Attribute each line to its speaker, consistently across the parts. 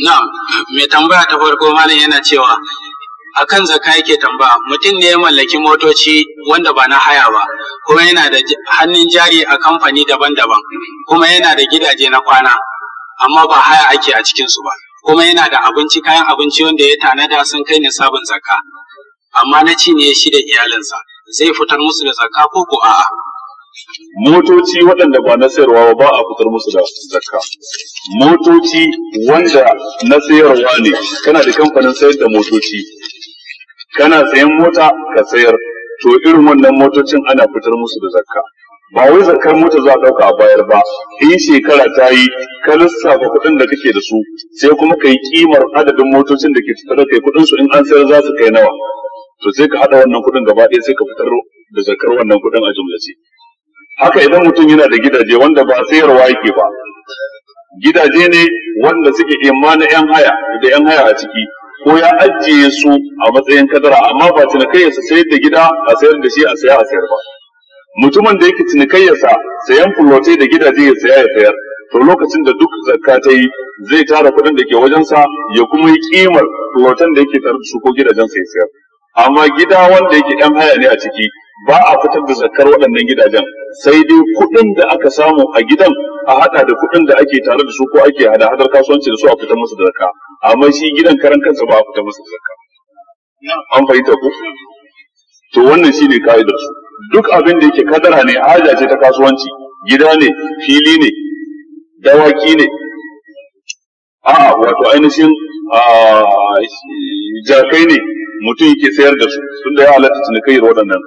Speaker 1: Na'am, mai
Speaker 2: tambaya ta farko malam yana cewa akan zaka yake tambaya mutum ne ya mallaki motoci wanda ba na haya ba kuma yana da hannun jari a kamfani daban-daban kuma yana da gidaje na kwana amma ba haya ake a cikinsu ba kuma yana da abinci kayan abinci wanda ya tanada sun kai nisabin zakka amma na ci ne shi da iyalinsa zai fitar musu da zakka ko ko a'a
Speaker 1: motoci waɗanda ba na sayarwa ba a fitar musu da zakka motoci wanda na sayarwa ne kana da kamfanin sayar da motoci kana sayan mota ka sayar to irin wannan motocin ana fitar musu da zakka ba wai zakar mota za a ɗauka a bayar ba in shekara ta yi ka lissafa kuɗin da kake da su sai kuma ka yi kimar adadin motocin da ke fitar da kai kuɗin su in an sayar za su kai nawa to sai ka haɗa wannan kuɗin gaba ɗaya sai ka fitar da zakar wannan kuɗin a jumlace haka idan mutum yana da gidaje wanda ba sayarwa yake ba gidaje ne wanda suke imanin yan haya da yan haya a ciki ko ya ajiye su a matsayin kadara amma ba cinikayyarsa sayar da gida a sayar da shi a saya a sayar ba mutumin da yake cinikayyarsa sayan fulotai da gidaje ya saya ya sayar to lokacin da duk zakka ta yi zai tara kuɗin da ke wajensa ya kuma yi kimar fulotan da yake tare da su ko gidajensa ya sayar amma gida wanda yake ɗan haya ne a ciki ba a fitar da zakar waɗannan gidajen sai dai kuɗin da aka samu a gidan a haɗa da kuɗin da ake tare da su ko ake hada hadar kasuwanci da su a fitar musu da zakka amma shi gidan karan kansa ba a fitar musu da zakka an fahimta ku to wannan shine ka'idar su duk abin da yake kadara ne haja ce ta kasuwanci gida ne fili ne dawaki ne a'a wato ainihin ah, jakai ne mutum yake sayar da su sun da ya halatta cinikayyar waɗannan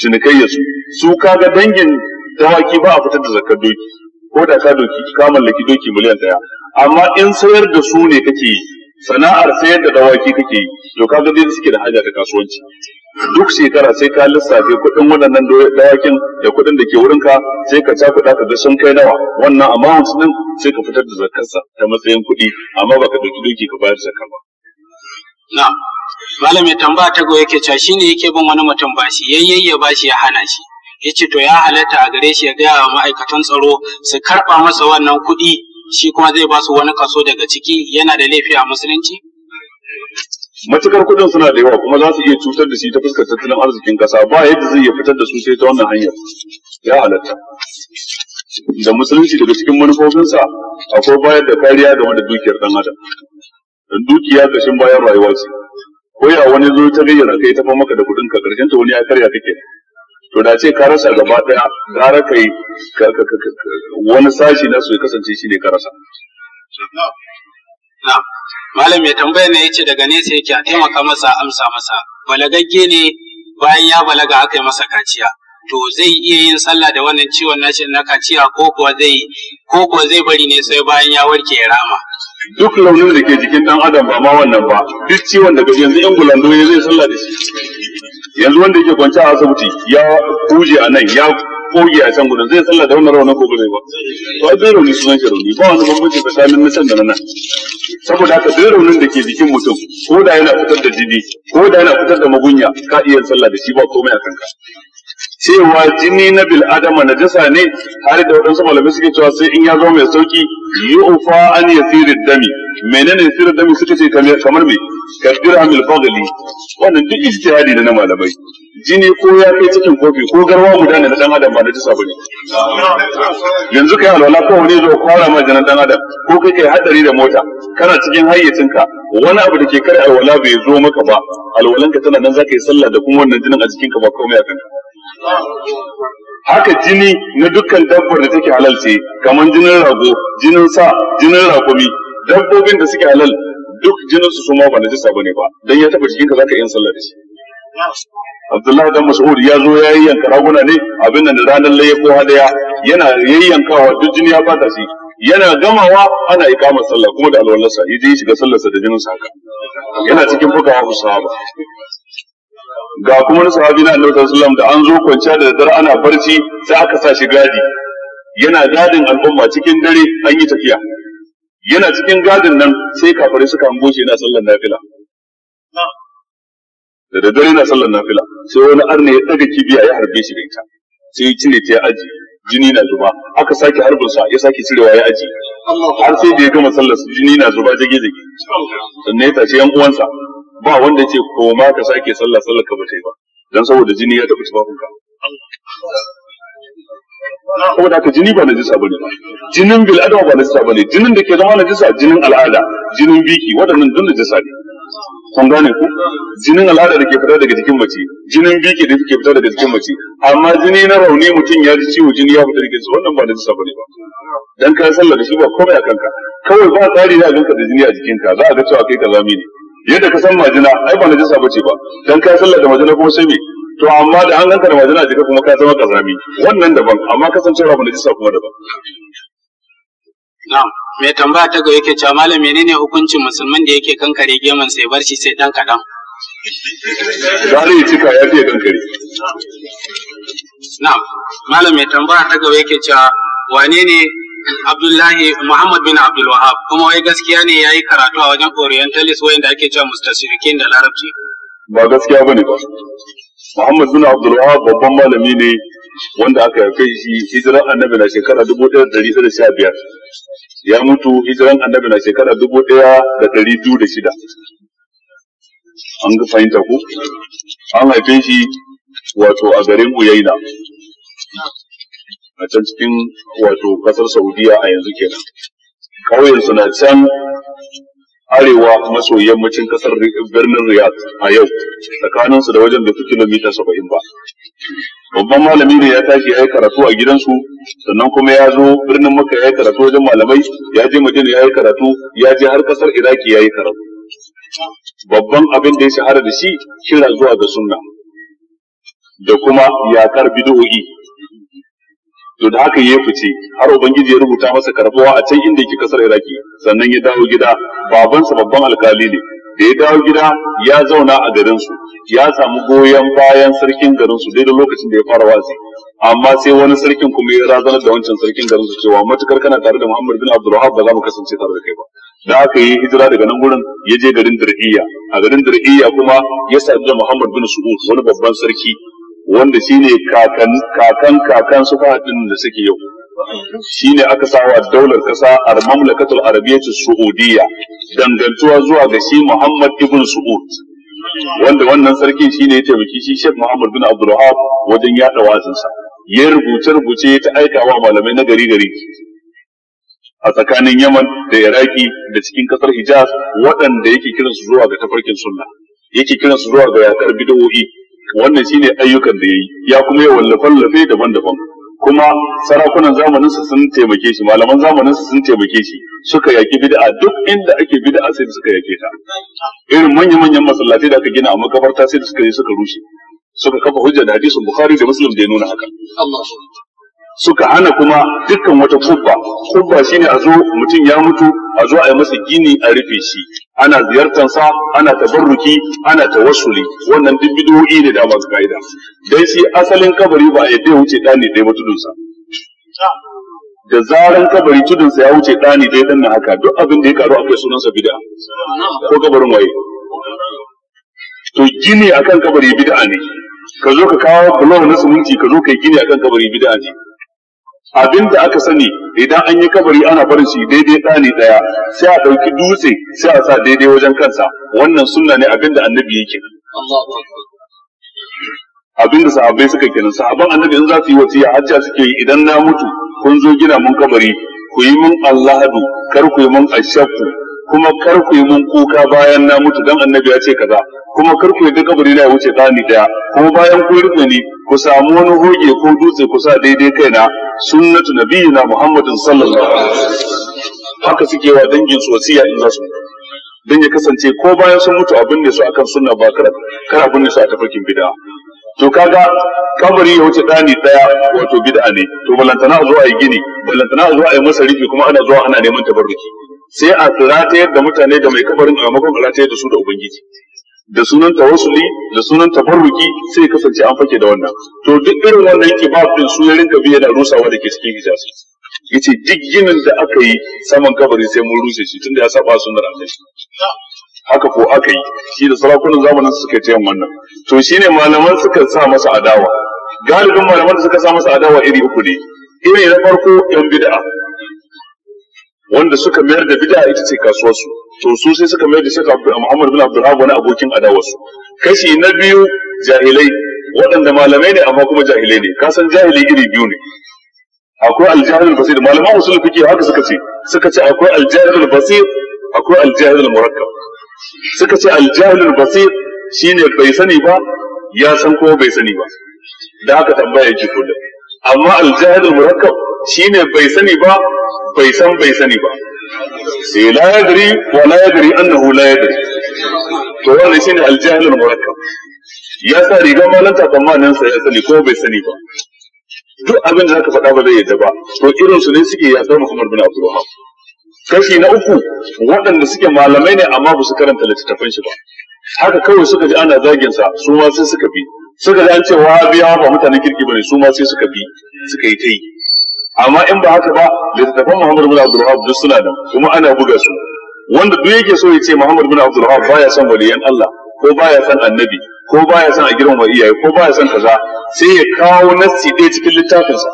Speaker 1: cinikayyar su su kaga dangin dawaki ba a fitar da zakar doki ko da ka doki ka mallaki doki miliyan ɗaya amma in sayar da su ne kake yi sana'ar sayar da dawaki kake yi to kaga dai suke da haja ta kasuwanci duk shekara sai ka lissafe kuɗin waɗannan dawakin da kuɗin da ke wurinka sai ka ca kuɗa ka ga sun kai nawa wannan amount din sai ka fitar da zakarsa ta matsayin kuɗi amma baka doki doki ka bayar zakar ba
Speaker 2: na'am malam tambaya ta goye yake cewa ne yake bin wani mutum bashi yayyen ya shi ya hana shi ya ce to ya halatta a gare shi ya gaya wa ma'aikatan tsaro su karɓa masa wannan kuɗi shi kuma zai ba su wani kaso daga ciki yana da laifi a musulunci
Speaker 1: matukar kuɗin suna da yawa kuma za su iya cutar da shi ta fuskar tattalin arzikin ƙasa ba yadda zai iya fitar da su sai ta wannan hanyar ya halatta da musulunci daga cikin manufofinsa akwai bayar da kariya da wanda dukiyar ɗan adam dukiya kashin bayan rayuwa ce ko ya wani zo ta gayyana kai ta maka da kudin ka karshen ta wani ya karya kake to da ce ka rasa gaba daya gara kai wani sashi na su ya kasance shi ne ka rasa
Speaker 2: malam ya tambaya ne yace daga nesa yake a taimaka masa amsa masa balagagge ne bayan ya balaga aka yi masa kaciya to zai iya yin sallah da wannan ciwon nashi na kaciya ko kuwa zai ko kuwa zai bari ne sai bayan ya warke ya rama duk launin da ke
Speaker 1: jikin dan adam ba ma wannan ba duk ciwon da gaji yanzu yan gulando ne zai sallah da shi yanzu wanda yake kwance a asibiti ya kuje a nan ya koge a can gudun zai sallah da wannan rawanin ko gudun ba to ai bai rauni sunan shi rauni ba wani bambanci tsakanin na can da nan saboda haka duk raunin da ke jikin mutum ko da yana fitar da jini ko da yana fitar da magunya ka iya sallah da shi ba komai a kanka cewa jini na bil adama najasa ne har da waɗansu malamai suke cewa sai in ya zo mai sauki yu'fa an yasirid dami menene yasirid dami suka ce kamar me kadir amil fadli wannan duk ijtihadi da na malamai jini ko ya kai cikin kofi ko garwa guda ne na dan adam ba na jisa bane yanzu kai alwala ko wani zo kwara ma janan dan adam ko kai kai hadari da mota kana cikin hayyacinka wani abu da ke kar alwala bai zo maka ba alwalanka tana nan zaka yi sallah da kuma wannan jinin a jikinka ba komai a kanka haka jini na dukkan dabbar da take halal ce kamar jinin rago jinin sa jinin rakumi dabbobin da suke halal duk jinin su suma ba najisa bane ba dan ya taba jikinka zaka yin sallah da shi Abdullahi dan Mas'ud ya zo ya yanka raguna ne abin nan da ranar laye ko hadaya yana yayyankawa duk jini ya fata shi yana gamawa ana ikamar sallah kuma da alwallarsa ya shiga sallarsa da jinin sa haka yana cikin fuka wa sahaba ga kuma wani sahabi na annabi sallallahu alaihi wasallam da an zo kwanciya da daddare ana barci sai aka sa shi gadi yana gadin al'umma cikin dare an yi tafiya yana cikin gadin nan sai kafirai suka ambushe na sallar nafila da daddare na sallar nafila sai wani arna ya daga a ya harbe shi da ita sai ya cire ta ya aji jini na zuba aka sake harbin sa ya sake cirewa ya aji har sai da ya gama sallar jini na zuba jage jage sannan ya tashi yan uwansa ba wanda ce koma ka sake sallah sallar ka ba ta yi ba dan saboda jini ya tafi tufafin ka saboda ka jini ba na jisa bane jinin bil adama ba na jisa bane jinin da ke zama na jisa jinin al'ada jinin biki waɗannan duk na jisa ne kun gane ku jinin al'ada da ke fita daga jikin mace jinin biki da ke fita daga jikin mace amma jini na rauni mutum ya ji ciwo jini ya fita daga jikin wannan ba na jisa bane ba dan ka sallar da shi ba komai a kanka kawai ba tsari da ganka da jini a jikinka za a ga cewa kai kaza ne yadda ka san majina ai ba najasa bace ba dan ka sallar da majina kuma sai me to amma da an ganka da majina jika kuma ka zama kazami wannan daban amma kasancewa ba najasa kuma daban
Speaker 2: na'am mai tambaya ta ga yake cewa malam menene hukuncin musulman da yake kankare geman sai barci sai dan kadan
Speaker 1: Zari cika ya fiye
Speaker 2: kankare. Na'am, malam mai tambaya ta gaba yake cewa wane ne Abdullahi Muhammad bin Abdul Wahab kuma wai gaskiya ne yayi karatu a wajen Orientalist wayanda ake cewa mustashrikin da Larabci
Speaker 1: ba gaskiya bane ba Muhammad bin Abdul Wahab babban malami ne wanda aka kai shi hijiran annabi na shekara 1115 ya mutu hijiran annabi na shekara 1206 an ga fahimta ku an haife shi wato a garin Uyaina a can cikin wato kasar saudiya a yanzu kenan ƙauyensu na can arewa maso yammacin kasar birnin riyadh a yau tsakaninsu da wajen da su kilomita saba'in ba babban malami ne ya tashi ya yi karatu a gidansu sannan kuma ya zo birnin makka ya yi karatu wajen malamai ya je madina ya yi karatu ya je har kasar iraki ya yi karatu babban abin da ya shahara da shi kira zuwa ga sunna da kuma yakar bid'o'i to da haka ya fice har ubangiji ya rubuta masa karbuwa a can inda yake kasar iraki sannan ya dawo gida babansa babban alkali ne da ya dawo gida ya zauna a garinsu ya samu goyon bayan sarkin garinsu daidai lokacin da ya fara wasi amma sai wani sarkin kuma ya razanar da wancan sarkin garinsu cewa matukar kana tare da muhammad bin abdulwahab ba za mu kasance tare da kai ba da aka yi hijira daga nan gurin ya je garin dir'iyya a garin dir'iyya kuma ya sadu da muhammad bin su'ud wani babban sarki wanda shi kakan kakan kakan su faɗin da suke yau shine aka sawa daular kasa al mamlakatul arabiyyatu su'udiyya dangantuwa zuwa ga shi Muhammad ibn Su'ud wanda wannan sarkin shine ya taimaki shi Sheikh Muhammad bin Abdul Wahab wajen yada wazinsa ya rubuce rubuce ta aika wa malamai na gari gari a tsakanin Yaman da Iraki da cikin ƙasar Hijaz waɗanda yake kiransu zuwa ga tafarkin sunna yake kiransu zuwa ga yakar bid'o'i wannan shine ayyukan da ya yi ya kuma ya wallafe daban-daban kuma sarakunan zamanin su sun taimake shi malaman zamanin su sun taimake shi suka yaki bid'a duk inda ake bid'a sai suka yake ta irin manya-manyan masallatai da aka gina a makabarta sai suka yi suka rushe suka kafa hujja da hadisin bukhari da muslim da ya nuna haka suka hana kuma dukkan wata kubba kubba shine a zo mutum ya mutu a zo a yi masa gini a rufe shi ana ziyartansa ana tabarruki ana tawassuli wannan duk bid'o'i ne da ba su ka'ida dai shi asalin kabari ba ya wuce dani dai mutudunsa da zaran kabari tudunsa ya wuce dani dai dan haka duk abin da ya karu akwai sunansa bid'a ko kabarin waye to gini akan kabari bid'a ne ka zo ka kawo bulon na suminti ka zo ka yi gini akan kabari bid'a ne abin da aka sani idan an yi kabari ana barin shi daidai ɗani ɗaya sai a ɗauki dutse sai a sa daidai wajen kansa wannan sunna ne abin da annabi yake abin da sahabbai suka kenan sahabban annabi in za su yi wasiya hajja suke yi idan na mutu kun zo gina mun kabari ku yi mun allahadu kar ku yi mun ashakku kuma kar ku yi mun kuka bayan na mutu dan annabi ya ce kaza kuma kar ku yadda kabari na ya wuce tsani daya kuma bayan ku rufe ni ku samu wani hoge ko dutse ku sa daidai kaina sunnatu nabiyina muhammadin sallallahu alaihi wasallam haka suke wa dangin su wasiya in za su dan ya kasance ko bayan sun mutu abin ne su akan sunna ba kar kar abin ne su a tafarkin bid'a to kaga kabari ya wuce dani daya wato bid'a ne to balantana a yi gini balantana a yi masa rufi kuma ana zuwa ana neman tabarruki sai a ratayar da mutane da mai kabarin a makon a ratayar da su da ubangiji da sunan tawassuli da sunan tabarruki sai kasance an fake da wannan to duk irin wannan ba din su yarin kabi yana rusawa da ke cikin hijaz yace duk ginin da aka yi saman kabari sai mun rushe shi tunda ya saba sunnar Allah haka ko aka yi shi da sarakunan zamanin suka ce wannan to shine malaman suka sa masa adawa galibin malaman da suka sa masa adawa iri uku ne iri na farko yan bid'a wanda suka mayar da bid'a ita ce kasuwarsu to su sai suka mayar da shaka Muhammad bin Abdul wani abokin adawarsu kashi na biyu jahilai waɗanda malamai ne amma kuma jahilai ne ka san jahili iri biyu ne akwai aljahilul basir malaman usul fiqh haka suka ce suka ce akwai aljahilul basir akwai aljahilul murakkab suka ce aljahilul basir shine bai sani ba ya san ko bai sani ba da haka tambaya yake kullum amma aljahilul murakkab Shi ne bai sani ba bai san bai sani ba sai eh, la yadri wa la yadri annahu la yadri to wannan shine aljahlul murakkab ya sa riga malanta tsammanin sa ya sani ko bai sani ba duk abin da zaka faɗa ba zai yadda ba to irin su ne suke yaɗa Muhammad bin Abdul Wahab kashi na uku waɗanda suke malamai ne amma ba su karanta littattafan shi ba haka kawai suka ji ana zagin sa su ma sai suka bi suka ji an ce biya ba mutanen kirki bane su ma sai suka bi suka yi ta yi amma in ba haka ba littafan Muhammad bin Abdul Wahab duk suna nan kuma ana buga su wanda duk yake so ya ce Muhammad bin Abdul Wahab baya son waliyan Allah ko baya son annabi ko baya son a girmama iyaye ko baya son kaza sai ya kawo nassi ɗaya cikin littafinsa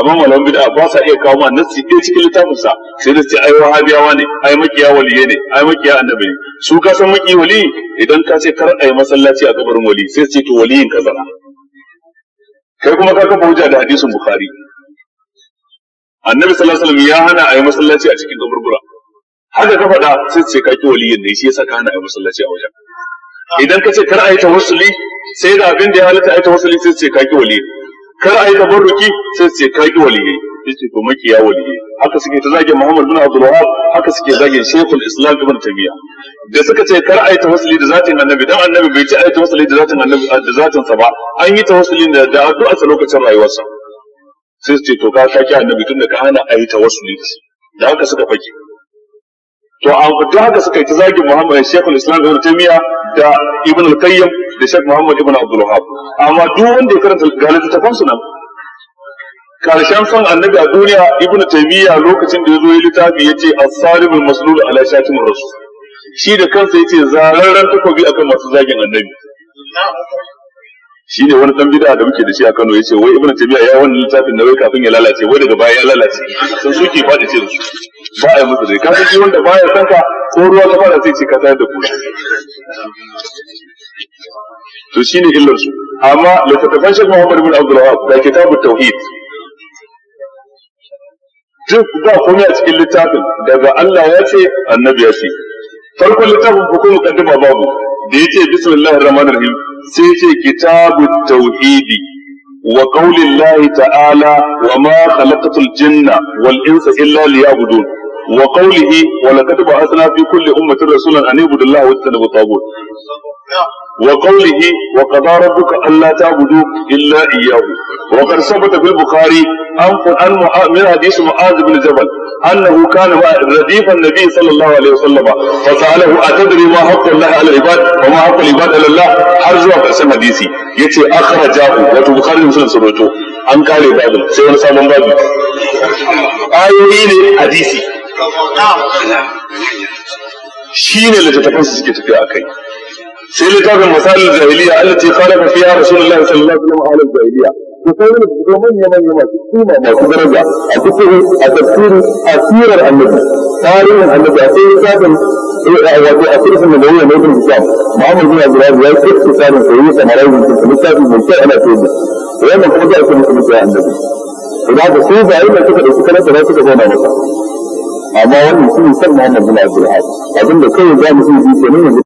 Speaker 1: amma malaman bid'a ba sa iya kawo ma nassi ɗaya cikin littafinsa sai da ce ai wahabiyawa ne ai makiya waliye ne ai makiya annabi ne su ka san maki wali idan ka ce kar ai masallaci a kabarin wali sai ce to waliyin kaza kai kuma ka kafa hujja da hadisin bukhari annabi sallallahu alaihi wasallam ya hana a yi masallaci a cikin kaburbura haka ka faɗa sai ce ka ki waliyin ne shi yasa ka hana a yi masallaci a wajen idan ka ce kar a yi tawassuli sai da abin da ya halatta a yi tawassuli sai ce ka ki waliyi kar a yi tabarruki sai ce ka ki sai yace to ya waliyi haka suke ta zagin Muhammad bin Abdul Wahab haka suke zagin shaykhul Islam Ibn Taymiyyah da suka ce kar ayi tawassuli da zatin Annabi dan Annabi bai ce ayi tawassuli da zatin Annabi da zatin sa ba an yi tawassuli da da addu'a a lokacin rayuwarsa sai su ce to ka saki annabi tun da ka hana a yi tawassuli da shi da haka suka fake to a da haka suka yi ta zagin Muhammad Sheikh Islam Ibn Taymiyyah da Ibn Al-Qayyim da Sheikh Muhammad Ibn Abdul Wahhab amma duk wanda ya karanta galibi ta fansu nan karshen son annabi a duniya Ibn Taymiya lokacin da ya zo ya littafi ya ce as-salimul maslul ala shatim rasul shi da kansa ya ce zararren takobi akan masu zagin annabi shine wani dan bid'a da muke da shi a Kano yace wai Ibn Taymiyyah ya wannan littafin na wai kafin ya lalace wai daga baya ya lalace sun suke fada ce su ba ya yi musu dai ka shi wanda baya san ka ko ruwa ka fara sai ce ka tayar da ku to shine illar su amma littattafan Sheikh Muhammad ibn Abdul Wahhab da kitabut tauhid duk ba komai a cikin littafin daga Allah ya ce annabi ya ce farkon littafin ko kuma kaddima babu da yace bismillahir rahmanir rahim sai ce kitabut tauhidi wa qaulin lahi ta'ala wa ma khalaqatul jinna wal insa illa liya'budun wa qawlihi wa laqad ba'athna fi kulli ummatin rasulan an ibudu allaha wa tajtanibu taghut وقوله وقضى ربك ألا تعبدوا إلا إياه وقد ثبت في البخاري عن من حديث معاذ بن جبل أنه كان رديف النبي صلى الله عليه وسلم فسأله أتدري ما حق الله على العباد وما حق العباد على الله حرجوا قسم حديثي يتي أخرجاه وتو بخاري مسلم سنوتو an kare babu sai wani sabon babu ayoyi ne hadisi shi ne littattafansu suke tafiya a kai في كتاب المسائل الجاهلية التي خالف فيها رسول الله صلى الله عليه وسلم أهل الجاهلية يقول من يمن يما تكتيما ما تدرجع أتكتب أتكتب أسير النبي تاريخ النبي أسير كاتم أسير في النبوية نوت الكتاب ما عمل بنا جراز لا يكتب كتاب سوية مرايز في المسائل المسائل أنا أتوجه وين من خلق أسير في المسائل النبي إذا هذا سوزا أيضا كتب إسكالة ثلاثة كتبونا نفسه أما هو المسلم يسمى محمد بن عبد الوهاب أظن كل جامع في الدنيا